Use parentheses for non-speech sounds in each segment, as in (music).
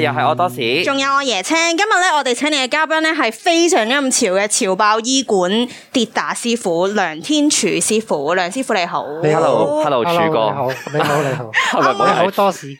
又係我多士，仲、 (music) 嗯、有我爺青。今日咧，我哋請你嘅嘉賓咧係非常之咁潮嘅潮爆醫館跌打師傅梁天柱師傅，梁師傅你好。你好 Hello，hello，柱哥。你好，你好，你好，你好。我咪唔好多士，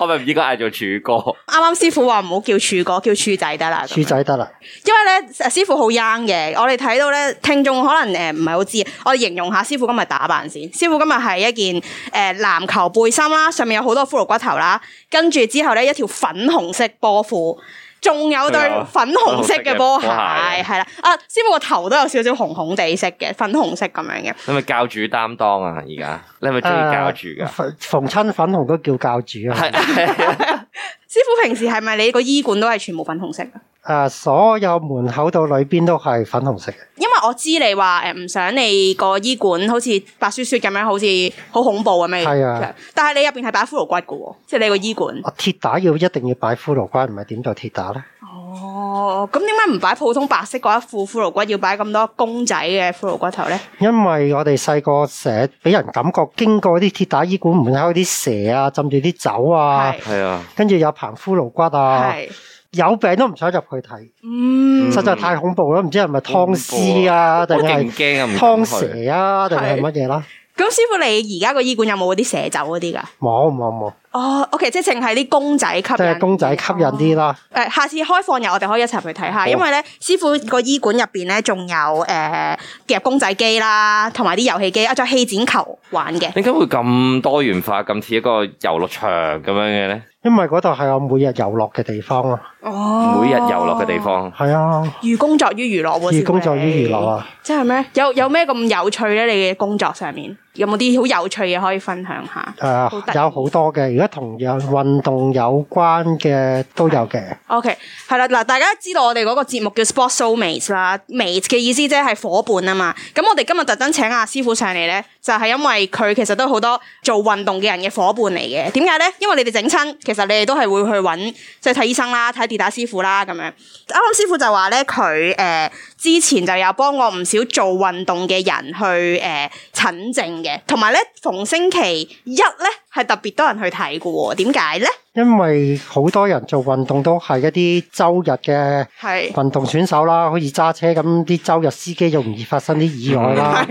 我咪唔應該嗌做柱哥。啱啱師傅話唔好叫柱哥，叫柱仔得啦。柱仔得啦。因為咧，師傅好 young 嘅，我哋睇到咧，聽眾可能誒唔係好知。我哋形容下師傅今日打扮先。師傅今日係一件誒籃球背心啦，上面有好多骷髏骨頭啦，跟住之後。咧一條粉紅色波褲，仲有對粉紅色嘅波鞋，係啦。的啊，師傅個頭都有少少紅紅地色嘅，粉紅色咁樣嘅。你咪教主擔當啊！而家你係咪中意教主噶？逢親、呃、粉紅都叫教主啊！ (laughs) (laughs) 師傅平時係咪你個醫館都係全部粉紅色噶？誒，所有門口到裏邊都係粉紅色嘅。因為我知你話誒唔想你個醫館好似白雪雪咁樣，好似好恐怖咁樣。係啊，但係你入邊係擺骷髏骨噶，即係你個醫館。跌打要一定要擺骷髏骨，唔係點做跌打咧？哦，咁點解唔擺普通白色嗰一副骷髏骨，要擺咁多公仔嘅骷髏骨頭咧？因為我哋細個成日俾人感覺，經過啲跌打醫館門口啲蛇啊，浸住啲酒啊，係啊，跟住有。行骷髏骨啊，是有病都唔想入去睇，嗯、實在太恐怖啦！唔知係咪湯屍啊，定係湯蛇啊，定係乜嘢啦？咁師傅，你而家個醫館有冇嗰啲蛇酒嗰啲㗎？冇冇冇。哦、oh，OK，即係淨係啲公仔吸引，即係公仔吸引啲啦。誒，oh, 下次開放日我哋可以一齊去睇下，oh. 因為咧師傅個醫館入邊咧仲有誒夾、呃、公仔機啦，同埋啲遊戲機啊，仲有氣剪球玩嘅。點解會咁多元化，咁似一個遊樂場咁樣嘅咧？因為嗰度係我每日遊樂嘅地方啊。哦，oh. 每日遊樂嘅地方係啊，寓工作於娛樂，寓工作於娛樂啊！即係咩？有有咩咁有趣咧？你嘅工作上面？有冇啲好有趣嘅可以分享下？誒、呃，有好多嘅，如果同有運動有關嘅都有嘅啊。OK，係啦，嗱，大家知道我哋嗰個節目叫 Sports Soulmates 啦，mates 嘅意思即係伙伴啊嘛。咁我哋今日特登請阿師傅上嚟咧。就係因為佢其實都好多做運動嘅人嘅伙伴嚟嘅，點解咧？因為你哋整親，其實你哋都係會去揾即係睇醫生啦、睇跌打師傅啦咁樣。啱啱師傅就話咧，佢誒、呃、之前就有幫過唔少做運動嘅人去誒診、呃、症嘅，同埋咧逢星期一咧係特別多人去睇嘅喎，點解咧？因為好多人做運動都係一啲周日嘅運動選手啦，好似揸車咁啲周日司機容易發生啲意外啦。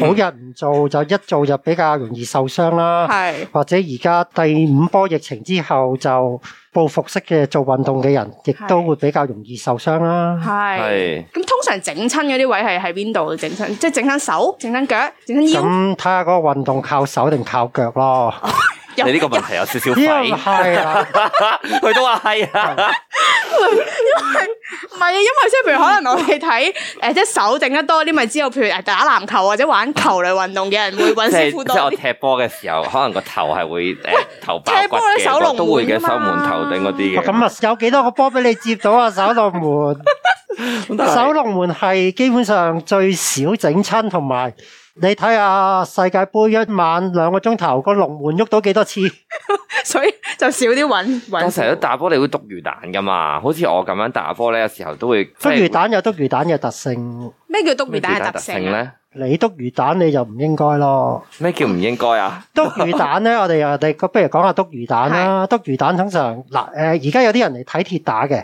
好日唔做就一做就比較容易受傷啦。或者而家第五波疫情之後，就報復式嘅做運動嘅人，亦都會比較容易受傷啦。係咁通常整親嗰啲位係喺邊度整親？即係整親手、整親腳、整親腰。咁睇下個運動靠手定靠腳咯。你呢個問題有少少睇，佢都話係啊，因為唔係啊，因為即係譬如可能我哋睇誒，即係手整得多啲，咪知道譬如誒打籃球或者玩球類運動嘅人會搵師傅多啲。即係我踢波嘅時候，可能個頭係會誒頭爆骨嘅，都會嘅守門頭頂嗰啲嘅。咁啊，有幾多個波俾你接到啊？守龍門，守龍門係基本上最少整親同埋。你睇下世界盃一晚兩個鐘頭個龍門喐到幾多次，所以就少啲揾揾。成日都打波你會篤魚蛋噶嘛，好似我咁樣打波咧，有時候都會。篤魚蛋有篤魚蛋嘅特性。咩叫篤魚蛋嘅特性咧？你篤魚蛋你就唔應該咯。咩叫唔應該啊？篤魚蛋咧，我哋啊，你不如講下篤魚蛋啦。篤魚蛋通常嗱，誒，而家有啲人嚟睇鐵打嘅。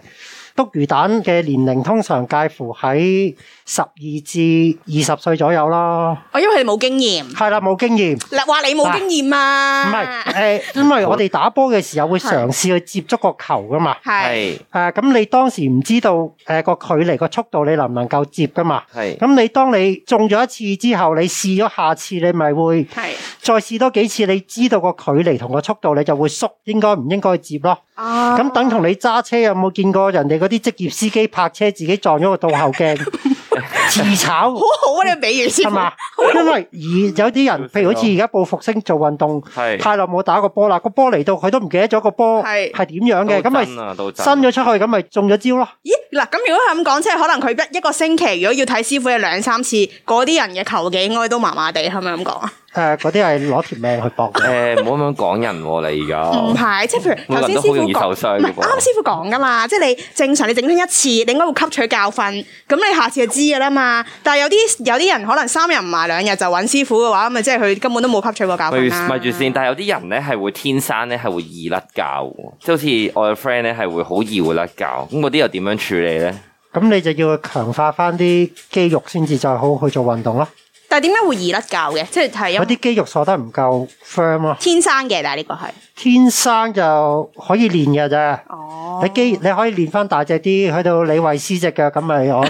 篤魚蛋嘅年齡通常介乎喺十二至二十歲左右啦。哦，因為佢冇經驗，係啦，冇經驗。嗱，話你冇經驗嘛？唔係、啊，誒、呃，因為我哋打波嘅時候會嘗試去接觸個球噶嘛。係是。誒、啊，咁你當時唔知道誒個、呃、距離個速度你能唔能夠接噶嘛？係是。咁你當你中咗一次之後，你試咗下次，你咪會係再試多幾次，你知道個距離同個速度，你就會縮應該唔應該接咯。咁、啊、等同你揸車，有冇見過人哋嗰啲職業司機泊車，自己撞咗個倒後鏡？ (laughs) 自炒， (laughs) 好好啊！你比喻先，係嘛吧？ (laughs) 因為而有啲人，譬如好似而家報復星做運動，係是太耐冇打過波啦，個波嚟到佢都唔記得咗個波係係點樣嘅，咁咪是伸咗出去，咁咪是中咗招咯。咦嗱，咁如果係咁講，即係可能佢一一個星期如果要睇師傅嘅兩三次，嗰啲人嘅球技應該都麻麻地，係咪咁講啊？誒、呃，嗰啲係攞條命去搏嘅，唔好咁講人喎、啊！你而家唔係即係譬如頭先師傅講，唔啱師傅講噶嘛？即係你正常你整親一次，你應該會吸取教訓，咁你下次就知嘅啦。嘛，但係有啲有啲人可能三日唔埋兩日就揾師傅嘅話，咁咪即係佢根本都冇吸取過教訓咪住先，但係有啲人咧係會天生咧係會易甩骹，即係好似我嘅 friend 咧係會好易會甩骹，咁嗰啲又點樣處理咧？咁你就要去強化翻啲肌肉先至就係好去做運動咯。但係點解會易甩骹嘅？即係係因為啲肌肉鎖得唔夠 firm 咯。天生嘅，但係呢個係天生就可以練嘅啫。哦，你肌你可以練翻大隻啲，去到李慧思隻腳咁咪我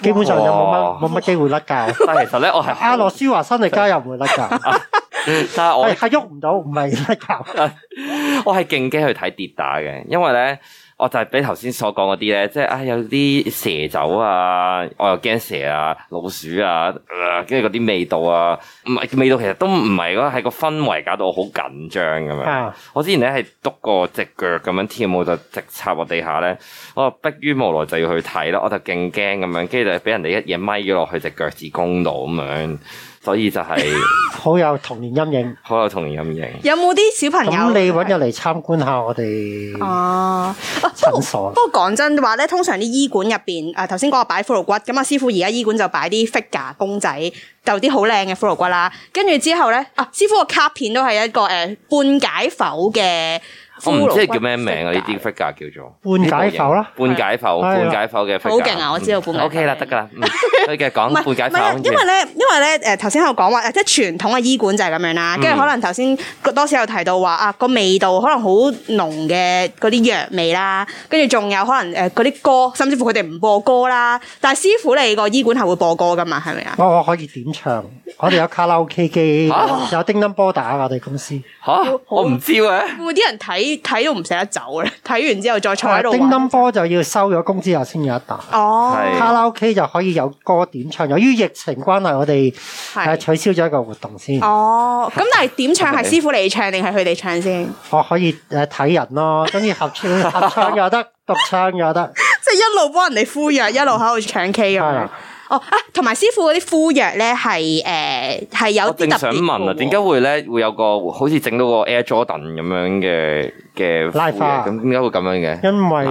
基本上就冇乜冇乜機會甩骹。其實咧，我係阿羅舒華辛力加又冇甩骹，但係我係喐唔到，唔係甩骹。我係勁驚去睇跌打嘅，因為咧。我就係俾頭先所講嗰啲咧，即係啊、哎、有啲蛇酒啊，我又驚蛇啊、老鼠啊，跟住嗰啲味道啊，唔味道其實都唔係咯，係個氛圍搞到我好緊張咁樣。是啊、我之前咧係篤個隻腳咁樣添，我就直插落地下咧，我迫於無奈就要去睇啦，我就勁驚咁樣，跟住就俾人哋一嘢咪咗落去隻腳趾公度咁樣，所以就係、是、 (laughs) 好有童年陰影，好有童年陰影。有冇啲小朋友咁？你搵入嚟參觀下我哋哦。啊、不過不過講真話咧，通常啲醫館入邊，誒頭先嗰個擺骷髏骨，咁啊師傅而家醫館就擺啲 figure 公仔，就啲好靚嘅骷髏骨啦。跟住之後咧，啊師傅個卡片都係一個誒、呃、半解剖嘅。我唔知叫咩名啊！呢啲 figure 叫做半解剖啦，半解剖，半解剖嘅 figure 好勁啊！我知道半解。O K 啦，得噶啦，我哋講半解剖。因為咧，因為咧，誒頭先有講話，即係傳統嘅醫館就係咁樣啦。跟住可能頭先多士有提到話啊，個味道可能好濃嘅嗰啲藥味啦。跟住仲有可能誒嗰啲歌，甚至乎佢哋唔播歌啦。但係師傅你個醫館係會播歌噶嘛？係咪啊？我我可以點唱？我哋有卡拉 O K 機，有叮噹波打我哋公司。嚇！我唔知喎，會唔會啲人睇？睇都唔捨得走咧，睇完之後再坐喺度。叮噹科就要收咗工之後先有一打。哦，是卡拉 OK 就可以有歌點唱。由於疫情關係，我哋係取消咗一個活動先。哦，咁但係點唱係 (laughs) 師傅嚟唱定係佢哋唱先？我、哦、可以誒睇、呃、人咯，鍾意合唱又得，獨 (laughs) 唱又得。即係 (laughs) (laughs) 一路幫人哋敷藥，一路喺度唱 K 咁、嗯、的哦啊，同埋師傅嗰啲敷藥咧係誒係有點。正想問啊，點解會咧會有個好似整到個 Air Jordan 咁樣嘅？嘅拉花，咁點解會咁樣嘅？因為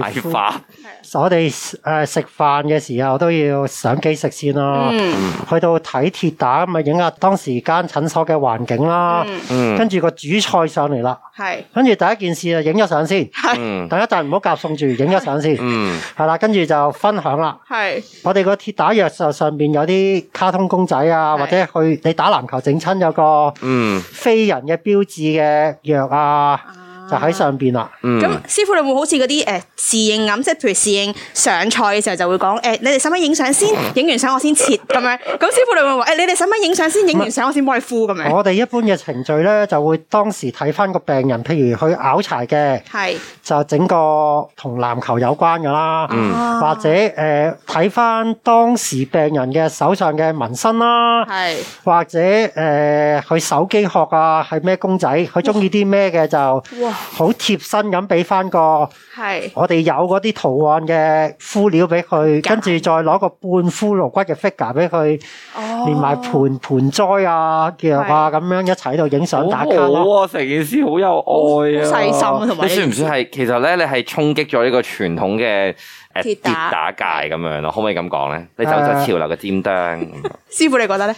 我哋誒食飯嘅時候都要上機食先咯。嗯，去到睇跌打咪影下當時間診所嘅環境啦。嗯，跟住個主菜上嚟啦。係是，跟住第一件事就影咗相先。係是，等一陣唔好夾餸住，影咗相先。嗯是，係啦，跟住就分享啦。係是，我哋個跌打藥就上邊有啲卡通公仔啊，是或者去你打籃球整親有個嗯飛人嘅標誌嘅藥啊。就喺上邊啦、嗯。咁、呃欸，師傅你會好似嗰啲誒侍應咁，即係譬如侍應上菜嘅時候就會講：誒，你哋使唔使影相先？影完相我先切，咁樣。咁師傅你會話：誒，你哋使唔使影相先？影完相我先幫你敷咁樣、嗯。我哋一般嘅程序咧，就會當時睇翻個病人，譬如佢拗柴嘅，是 就整個同籃球有關㗎啦，嗯、或者誒睇翻當時病人嘅手上嘅紋身啦，是 或者誒佢、呃、手機殼啊，係咩公仔？佢中意啲咩嘅就。哇 好貼身咁俾翻個，係，我哋有嗰啲圖案嘅敷料俾佢，跟住的再攞個半骷髏骨嘅 figure 俾佢，哦、連埋盆盆栽啊、夾啊咁的樣一齊喺度影相打卡好啊，成、哦哦、件事好有愛啊，細心同埋。你算唔算係其實咧？你係衝擊咗呢個傳統嘅誒、呃、跌打，打界咁樣咯？可唔可以咁講咧？你走咗潮流嘅尖端， (laughs) 師傅你覺得咧？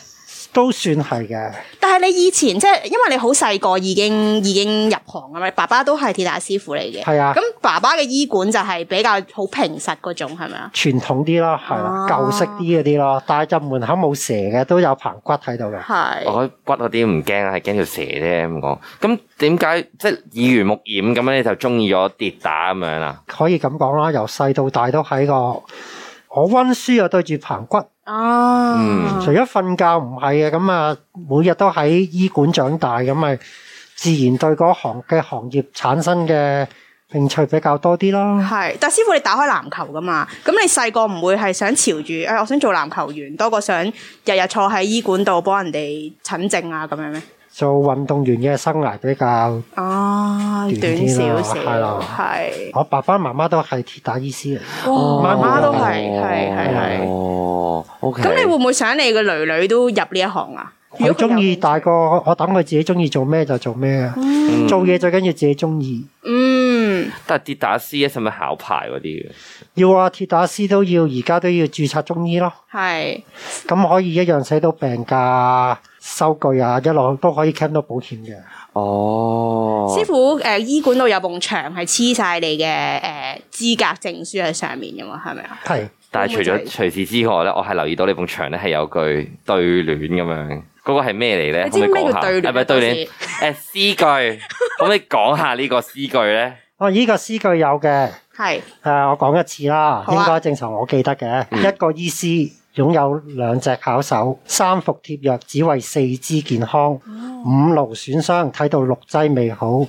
都算係嘅，但係你以前即係因為你好細個已經已經入行啊嘛，爸爸都係跌打師傅嚟嘅。係是啊，咁爸爸嘅醫館就係比較好平實嗰種係咪啊？傳統啲咯，係啦，舊式啲嗰啲咯，但係入門口冇蛇嘅，都有棚骨喺度嘅。係是我骨嗰啲唔驚啊，係驚條蛇啫咁講。咁點解即係耳濡目染咁樣你就中意咗跌打咁樣啊？可以咁講啦，由細到大都喺個。我溫書又對住棚骨。啊，嗯、除咗瞓覺唔係啊，咁啊，每日都喺醫館長大，咁咪自然對嗰行嘅行業產生嘅興趣比較多啲咯。係，但師傅你打開籃球噶嘛，咁你細個唔會係想朝住誒，我想做籃球員多過想日日坐喺醫館度幫人哋診症啊，咁樣咩？做運動員嘅生涯比較哦短少少係咯係。我爸爸媽媽都係跌打醫師啊，媽媽都係係係係。哦，咁你會唔會想你個女女都入呢一行啊？我中意大個，我等佢自己中意做咩就做咩啊。做嘢最緊要自己中意。嗯。但係跌打師係咪考牌嗰啲嘅？要啊，跌打師都要，而家都要注冊中醫咯。係。咁可以一樣寫到病假。收據啊，一落都可以 claim 到保險嘅。哦，師傅，誒，醫館度有埲牆係黐晒你嘅誒資格證書喺上面噶嘛，係咪啊？係，但係除咗除此之外咧，我係留意到呢埲牆咧係有句對聯咁樣，嗰個係咩嚟咧？可唔可以講下？係咪對聯？誒，詩句，可唔可以講下呢個詩句咧？哦，呢個詩句有嘅，係，係我講一次啦。應該正常，我記得嘅一個醫師。擁有兩隻巧手，三伏貼藥，只為四肢健康。五勞損傷，睇到六劑未好，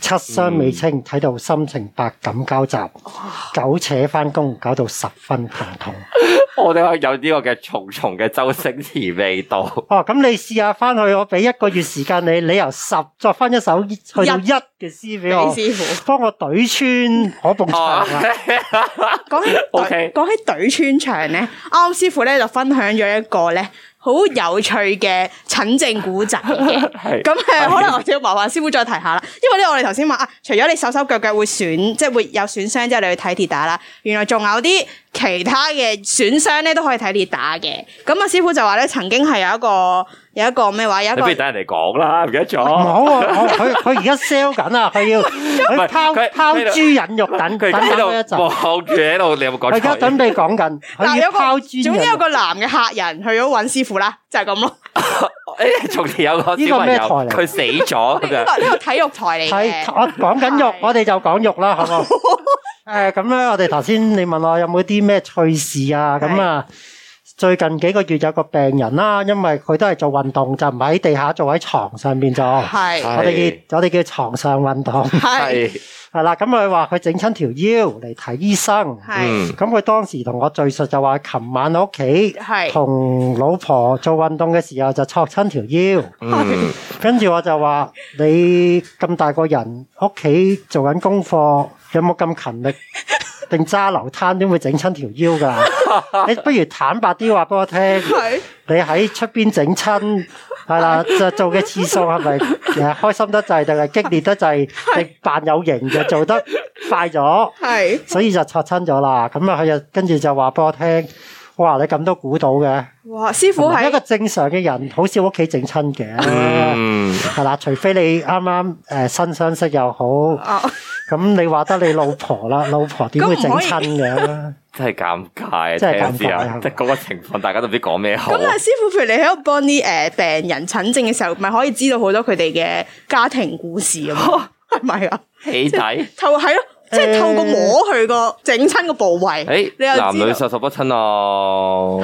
七傷未清，睇到心情百感交集，九扯返工，搞到十分疼痛。我哋可以有呢個嘅重重嘅周星馳味道。哦，咁你試下翻去，我俾一個月時間你，你由十作翻一首去到一嘅詩俾我，師傅，幫我懟穿嗰埲牆。講、哦、 (laughs) 起懟，講 Okay 起懟穿牆咧，啱啱師傅咧就分享咗一個咧。好有趣嘅診症古仔嘅，咁誒 (laughs) (laughs) 可能我要麻煩師傅再提下啦。因為咧，我哋頭先話啊，除咗你手手腳腳會損，即係會有損傷之後，你去睇跌打啦。原來仲有啲其他嘅損傷咧，都可以睇跌打嘅。咁阿師傅就話咧，曾經係有一個。有一個咩話？有一個，你不如等人嚟講啦，唔記得咗。冇啊，佢佢佢而家 sell 緊啊，佢要佢拋拋豬引肉等，佢喺度望住喺度，你有冇講？而家準備講緊，佢要拋豬。總之有個男嘅客人去咗搵師傅啦，就係咁咯。誒，仲有個呢個咩台嚟？佢死咗咁樣。呢個體育台嚟嘅，我講緊肉，我哋就講肉啦，好唔好？誒，咁咧，我哋頭先你問我有冇啲咩趣事啊？咁啊。最近幾個月有個病人啦，因為佢都係做運動，就唔喺地下做，做，喺床上邊做。係，我哋叫我哋叫牀上運動。係是，係 (laughs) 啦。咁佢話佢整親條腰嚟睇醫生。係是。咁佢、嗯、當時同我敍述就話是，琴晚喺屋企同老婆做運動嘅時候就錯親條腰。跟住我就話：你咁大個人，屋企做緊功課，有冇咁勤力？ (laughs) 定揸流攤點會整親條腰㗎？ (laughs) 你不如坦白啲話俾我聽。 (laughs) 你喺出邊整親係啦，就做嘅次數係咪誒開心得滯，定係激烈得滯？定扮 (laughs) 是有型嘅做得快咗？係 (laughs) 是，所以就擦親咗啦。咁啊，佢又跟住就話俾我聽：哇！你咁都估到嘅？哇！師傅係一個正常嘅人，好少屋企整親嘅。嗯，係啦，除非你啱啱誒新相識又好。 (laughs) 咁你話得你老婆啦，老婆點會整親嘅？真係尷尬，真係尷尬。即嗰個情況，大家都唔知講咩好。咁阿師傅，譬如你喺度幫啲誒病人診症嘅時候，咪可以知道好多佢哋嘅家庭故事啊？係咪啊？起底，透係咯，即係透過摸佢個整親個部位。誒，你又男女授受不親啊？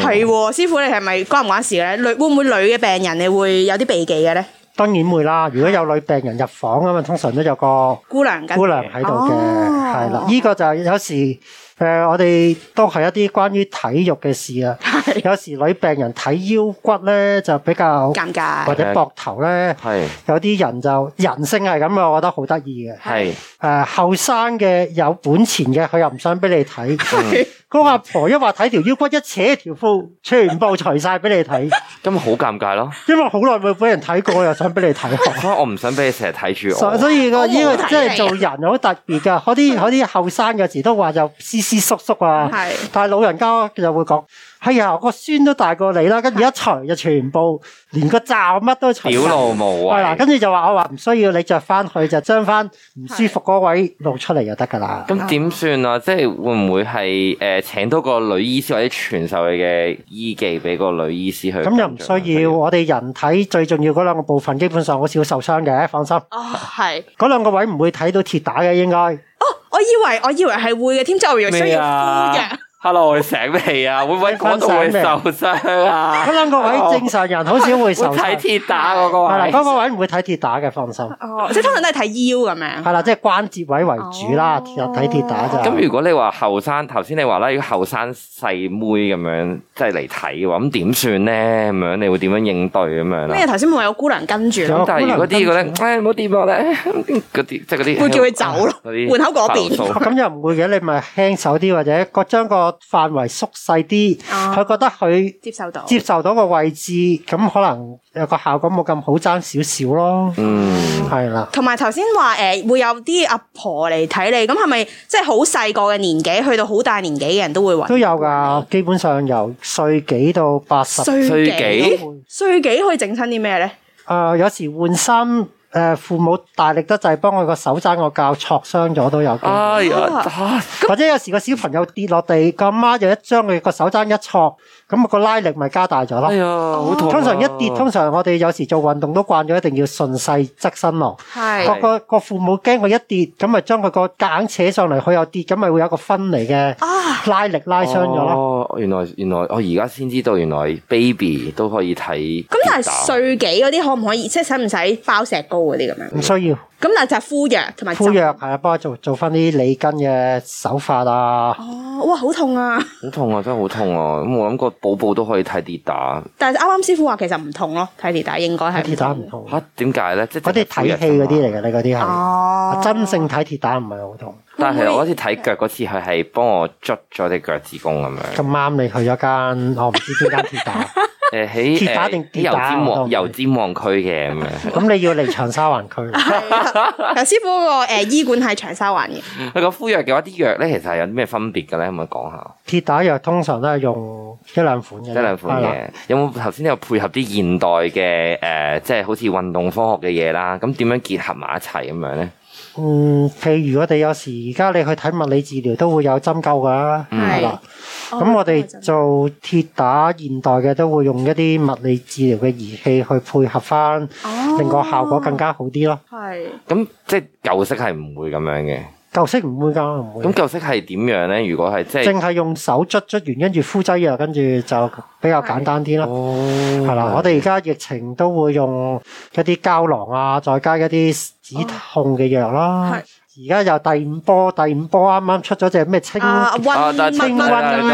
係喎，師傅你係咪關唔關事咧？女會唔會女嘅病人你會有啲避忌嘅咧？當然會啦，如果有女病人入房咁啊，通常都有個姑娘，姑娘喺度嘅，係啦。呢個就係有時誒、呃，我哋都係一啲關於體育嘅事啊。 (laughs) 有時女病人睇腰骨咧就比較尷尬，或者膊頭咧係有啲人就人性係咁，我覺得好得意嘅。係誒的，後生嘅有本錢嘅，佢又唔想俾你睇。的 (laughs) 個阿婆一話睇條腰骨，一扯，條褲全部除晒俾你睇，咁咪好尷尬咯。因為好耐冇俾人睇過，又想俾你睇。我唔想俾你成日睇住我。所以個呢個即係做人好特別㗎，嗰啲嗰啲後生嘅時都話就斯斯縮縮啊，的但係老人家就會講。係啊，個孫都大過你啦，跟住一除就全部連個罩乜都除晒，表露無遺。係啦，跟住就話我話唔需要，你着翻去就將翻唔舒服嗰位露出嚟就得噶啦。咁點算啊？即係會唔會係誒、呃，請多個女醫師或者傳授佢嘅醫技俾個女醫師去？咁、嗯、又唔需要。我哋人體最重要嗰兩個部分，基本上好少受傷嘅，放心。哦，係。嗰兩個位唔會睇到跌打嘅應該。哦，我以為我以為係會嘅，添，即係我需要敷嘅。阿老醒未啊？會唔會關心咩？會唔會受傷啊？嗰兩個位，正常人好少會受睇鐵打嗰個位。係啦，嗰個位唔會睇鐵打嘅，放心。哦，即係通常都係睇腰咁樣。係啦，即係關節位為主啦，有睇鐵打就。咁如果你話後生，頭先你話啦，要後生細妹咁樣即係嚟睇嘅話，咁點算咧？咁樣你會點樣應對咁樣咧？咩？頭先冇有姑娘跟住？咁但係如果啲嗰唉唔好掂啊咧！啲即係嗰啲會叫佢走咯。嗰啲門口嗰邊，咁又唔會嘅。你咪輕手啲，或者各將個。範圍縮細啲，佢、啊、覺得佢接受到接受到個位置，咁可能有個效果冇咁好，爭少少咯。嗯，係啦的。同埋頭先話誒，會有啲阿婆嚟睇你，咁係咪即係好細個嘅年紀去到好大年紀嘅人都會揾？都有噶，嗯、基本上由歲幾到八十歲幾，歲幾可以整親啲咩咧？誒、呃，有時換衫。誒，父母大力得滯，幫佢個手踭個教挫傷咗都有。哎呀，吓！或者有時個小朋友跌落地，個媽就一將佢個手踭一挫，咁個拉力咪加大咗咯。哎呀，好痛！通常一跌，通常我哋有時做運動都慣咗，一定要順勢側身落。係個個個父母驚佢一跌，咁咪將佢個夾硬扯上嚟，佢又跌，咁咪會有一個分離嘅。啊！拉力拉傷咗咯。原來，原來我而家先知道原來 baby 都可以睇。咁但係歲幾嗰啲可唔可以即係使唔使包石膏嗰啲咁樣？唔需要。咁但係就係敷藥，同埋敷藥係啊，幫我做做返啲理筋嘅手法啊。哦，哇，好痛啊！好痛啊，真係好痛啊！咁我諗個寶寶都可以睇跌打。 (laughs) 但係啱啱師傅話其實唔痛咯，睇跌打應該係跌打唔痛。吓、啊？點解咧？即係啲睇戲嗰啲嚟嘅咧？嗰啲係哦，真正睇跌打唔係好痛。啊但係我嗰次睇腳嗰次，佢係幫我捽咗隻腳趾公。咁樣。咁啱你去咗間，我唔知邊間鐵打。誒， (laughs) 喺鐵打定油尖旺？油尖旺區嘅咁樣。咁 (laughs) 你要嚟長沙灣區 (laughs) 劉師傅嗰個誒醫館係長沙灣嘅、 (laughs) 嗯。佢個敷藥嘅話，啲藥咧其實係有啲咩分別嘅咧？可唔可以講下？鐵打藥通常都係用一兩款嘅。一兩款嘅。啦有冇頭先有配合啲現代嘅誒、呃，即係好似運動科學嘅嘢啦？咁點樣結合埋一齊咁樣咧？嗯，譬如我哋有時而家你去睇物理治療都會有針灸㗎，係喇。咁我哋做鐵打現代嘅都會用一啲物理治療嘅儀器去配合返，哦、令個效果更加好啲咯。係是。咁即係舊式係唔會咁樣嘅。舊式唔會噶，唔會。咁舊式係點樣咧？如果係即係，淨係用手捽捽完，跟住敷劑藥啊，跟住就比較簡單啲咯。係啦，我哋而家疫情都會用一啲膠囊啊，再加一啲止痛嘅藥啦。係。而家又第五波，第五波啱啱出咗隻咩清啊，清瘟啊，清咩囊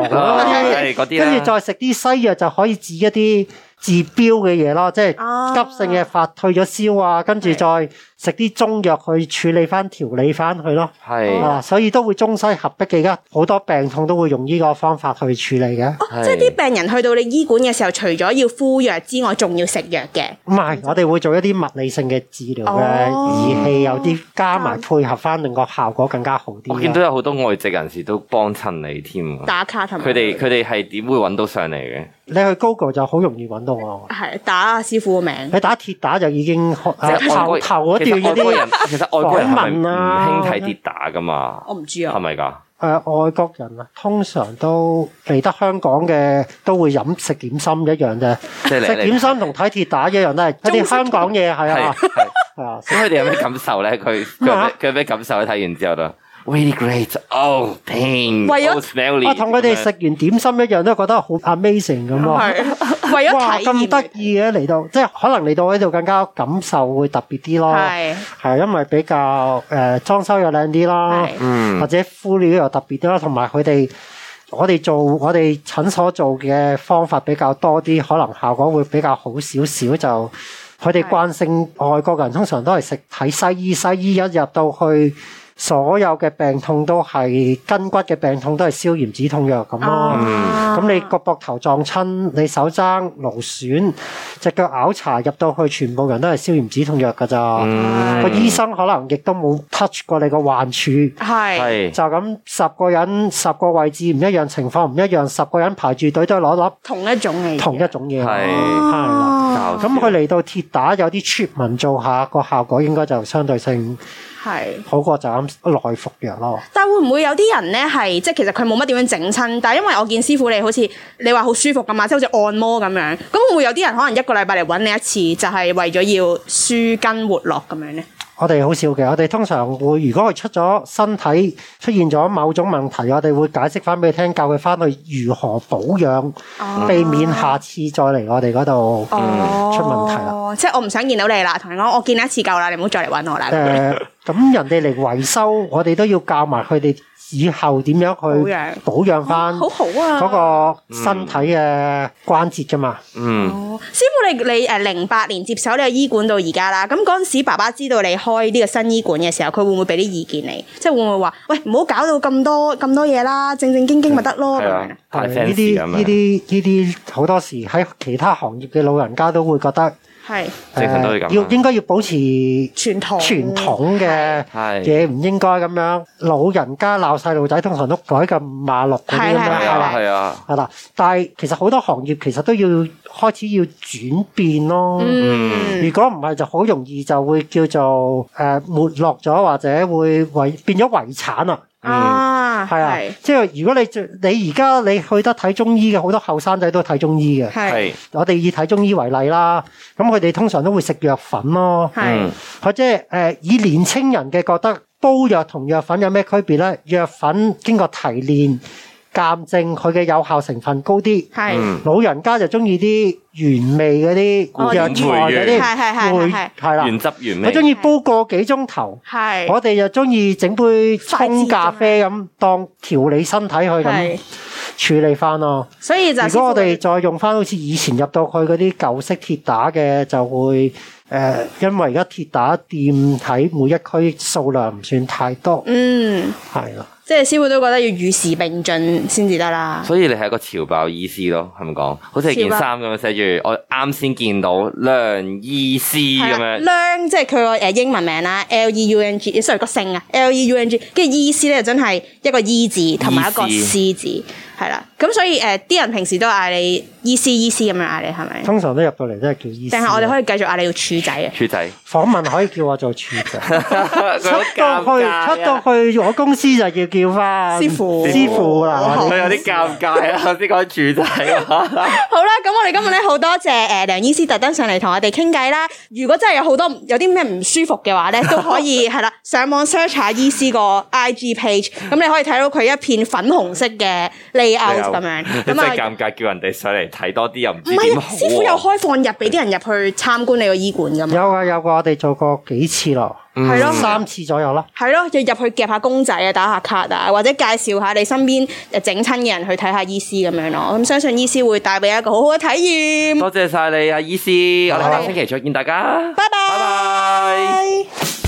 啊？係嗰啲。跟住再食啲西藥就可以治一啲治標嘅嘢咯，即係急性嘅發，退咗燒啊，跟住再。食啲中藥去處理翻調理翻佢咯，係是、啊，所以都會中西合璧嘅，而家好多病痛都會用呢個方法去處理嘅、哦。即係啲病人去到你醫館嘅時候，除咗要敷藥之外，仲要食藥嘅。唔係，我哋會做一啲物理性嘅治療嘅儀器，哦、有啲加埋配合翻，令個、哦、效果更加好啲。我見到有好多外籍人士都幫襯你添，打卡同佢哋佢哋係點會搵到上嚟嘅？你去 Google 就好容易搵到我。係打師傅個名，你打鐵打就已經頭啲人，其實外國人唔興睇跌打㗎嘛，我唔知啊，係咪㗎？誒、呃，外國人啊，通常都嚟得香港嘅都會飲食點心一樣啫， (laughs) 食點心同睇跌打一樣咧， (laughs) 一啲香港嘢係啊，係啊，咁佢哋有咩感受咧？佢佢佢有咩感受咧？睇完之後都。Really great! Oh, pain! Oh, smelly! 同佢哋食完點心一樣，都覺得好 amazing 咁係，為咗體驗。哇，咁得意嘅嚟到，即係可能嚟到呢度更加感受會特別啲咯。係是，係因為比較誒裝修又靚啲啦，嗯是，或者敷料又特別啲啦，同埋佢哋我哋做我哋診所做嘅方法比較多啲，可能效果會比較好少少就。佢哋慣性，是外國人通常都係食睇西醫，西醫一入到去。所有嘅病痛都係筋骨嘅病痛，都係消炎止痛藥咁咯。咁、啊、你個膊頭撞親，你手踭勞損，隻腳拗柴入到去，全部人都係消炎止痛藥噶咋。個、嗯、醫生可能亦都冇 touch 過你個患處，係是就咁十個人十個位置唔一樣，情況唔一樣，十個人排住隊都係攞到同一種嘢，同一種嘢。哦，咁佢嚟到鐵打有啲出文做下，個效果應該就相對性。係好過就咁內服藥咯。但會唔會有啲人咧係即係其實佢冇乜點樣整親？但因為我見師傅你好似你話好舒服㗎嘛，即係好似按摩咁樣。咁會,會有啲人可能一個禮拜嚟揾你一次，就係、是、為咗要舒筋活絡咁樣咧。我哋好少嘅，我哋通常會如果佢出咗身體出現咗某種問題，我哋會解釋翻俾你聽，教佢翻去如何保養，哦、避免下次再嚟我哋嗰度出問題啦。即係我唔想見到你啦，同你講，我見你一次夠啦，你唔好再嚟揾我啦。呃 (laughs) 咁人哋嚟維修，我哋都要教埋佢哋以後點樣去保養、保養翻嗰個身體嘅關節㗎嘛嗯。嗯，師傅你你誒零八年接手呢個醫館到而家啦。咁嗰陣時爸爸知道你開呢個新醫館嘅時候，佢會唔會俾啲意見你？即係會唔會話喂唔好搞到咁多咁多嘢啦，正正經經咪得咯？呢啲呢啲呢啲好多時喺其他行業嘅老人家都會覺得。係正要應該要保持傳統傳統嘅嘢，唔應該咁樣。是老人家鬧細路仔，通常屋改咁馬落嗰啲咁樣，係嘛是？係吧啊，係啦、啊。但係其實好多行業其實都要開始要轉變咯。嗯，如果唔係，就好容易就會叫做誒、呃、沒落咗，或者會遺變咗遺產、嗯、啊。嗯。係啊，啊，啊，即係如果你你而家你去得睇中醫嘅，好多後生仔都睇中醫嘅。係是，我哋以睇中醫為例啦，咁佢哋通常都會食藥粉咯。係是，佢、啊、即係誒、呃，以年青人嘅覺得，煲藥同藥粉有咩區別咧？藥粉經過提煉、鑑證，佢嘅有效成分高啲。係是，嗯、老人家就中意啲。原味嗰啲古藥之外嗰啲，會係啦，原汁原味。我中意煲個幾鐘頭，我哋就中意整杯沖咖啡咁，當調理身體去咁處理翻咯。所以就如果我哋再用翻好似以前入到去嗰啲舊式跌打嘅，就會誒，因為而家跌打店喺每一區數量唔算太多，嗯，係啦，即係師傅都覺得要與時並進先至得啦。所以你係一個潮爆醫師咯，係咪講？好似件衫咁樣寫住，我啱先見到梁醫師咁樣，梁即係佢個誒英文名啦，L E U N G，sorry，個姓啊，L E U N G，跟住醫師咧，就真、e，係一個醫、e、字同埋一個師字。E, 係啦，咁所以誒，啲、呃、人平時都嗌你醫師醫師咁樣嗌你係咪？通常都入到嚟都係叫醫師，啊。定係我哋可以繼續嗌你做柱仔啊？柱仔，訪問可以叫我做柱仔。出到去出到去我公司就要叫翻師傅父 師傅父啦。我有啲尷尬啊，先講柱仔咁啊。好啦，咁我哋今日咧好多謝誒梁醫師特登上嚟同我哋傾偈啦。如果真係有好多有啲咩唔舒服嘅話咧，都可以係 (laughs) 啦，上網 search 下醫師個 IG page，咁你可以睇到佢一片粉紅色嘅咁樣，咁即係尷尬，叫人哋上嚟睇多啲又唔係，啊、師傅又開放入俾啲人入去參觀你個醫館咁嘛有？有啊有啊，我哋做過幾次咯、嗯，係咯三次左右啦。係咯，入入去夾下公仔啊，打下卡，啊，或者介紹下你身邊誒整親嘅人去睇下醫師咁樣咯。咁相信醫師會帶俾一個好好嘅體驗。多謝晒你啊，醫師，我哋下星期再見大家，拜拜。